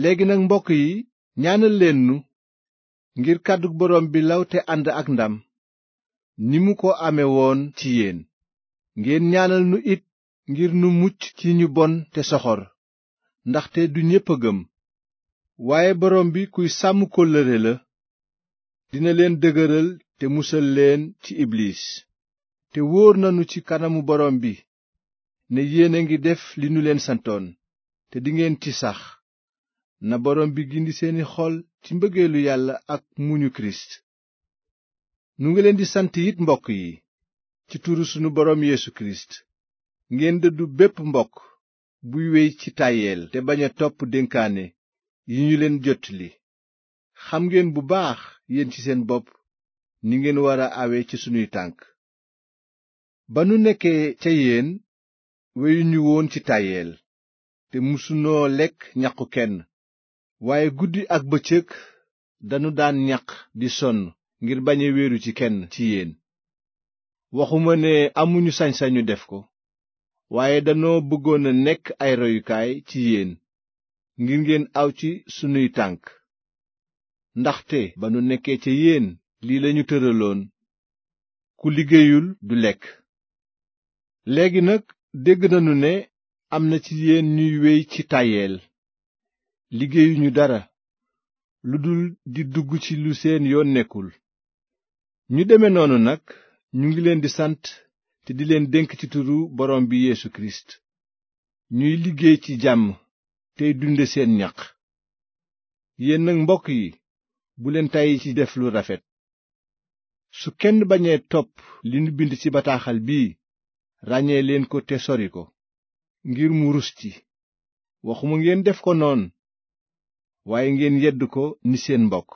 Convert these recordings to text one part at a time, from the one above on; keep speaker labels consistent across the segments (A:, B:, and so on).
A: léegi nag mbokk yi ñaanal leen nu ngir kàddu boroom bi law te ànd ak ndam ni mu ko amewoon woon ci yéen ngeen ñaanal nu it ngir nu mucc ci ñu bon te soxor ndaxte du ñépp a gëm waaye boroom bi kuy sàmm kóllëre la dina leen dëgëral te musal leen ci ibliis te wóor nanu ci kanamu boroom bi ne yéen a ngi def li nu leen santoon te dingeen ci sax na boroom bi gindi seeni xol ci mbëggeelu yàlla ak muñu kirist nu ngi leen di sant it mbokk yi ci turu sunu boroom yeesu kirist ngeen dëddu bépp mbokk buy wey ci tàyyeel te baña topp denkaane yi ñu leen jot li xam ngeen bu baax yéen ci seen bopp ni ngeen wara a awe ci sunuy tànk ba nu nekkee ca yéen ñu woon ci tàyyeel te musunoo lekk ñaqu kenn waaye guddi ak bëccëg danu daan ñaq di sonn ngir bañ a wéeru ci kenn ci yéen waxuma ne amuñu sañsañu def ko waaye danoo bëggoon a nekk ay royukaay ci yéen ngir ngeen aw ci sunuy tànk ndaxte ba nu nekkee ca yéen lii lañu tëraloon ku liggéeyul du lekk léegi nag dégg nanu ne am na ci yéen ñuy wéy ci tayeel liggéeyuñu dara lu dul di dugg ci lu seen yoon nekkul ñu deme noonu nag ñu ngi leen di sant te di leen dénk ci turu borom bi Yeesu Kirist ñuy liggéey ci jàmm tey dunde seen ñax yéen nag mbokk yi bu leen tàyyi ci def lu rafet su kenn bañee topp li nu bind ci bataaxal bii ràññee leen ko te sori ko ngir mu rus ci waxuma ngeen def ko noon waaye ngeen yedd ko ni seen mbokk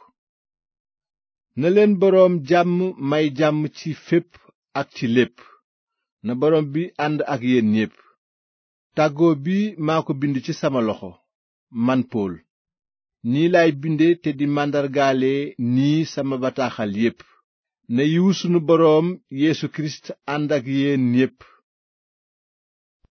A: na leen boroom jàmm may jàmm ci fépp ak ci lépp na boroom bi ànd ak yéen ñépp tàggoo bi maa ko bind ci sama loxo man pool nii lay binde te di màndargaale nii sama bataaxal yépp na yiwu sunu boroom yéesu Kirist ànd ak yéen ñépp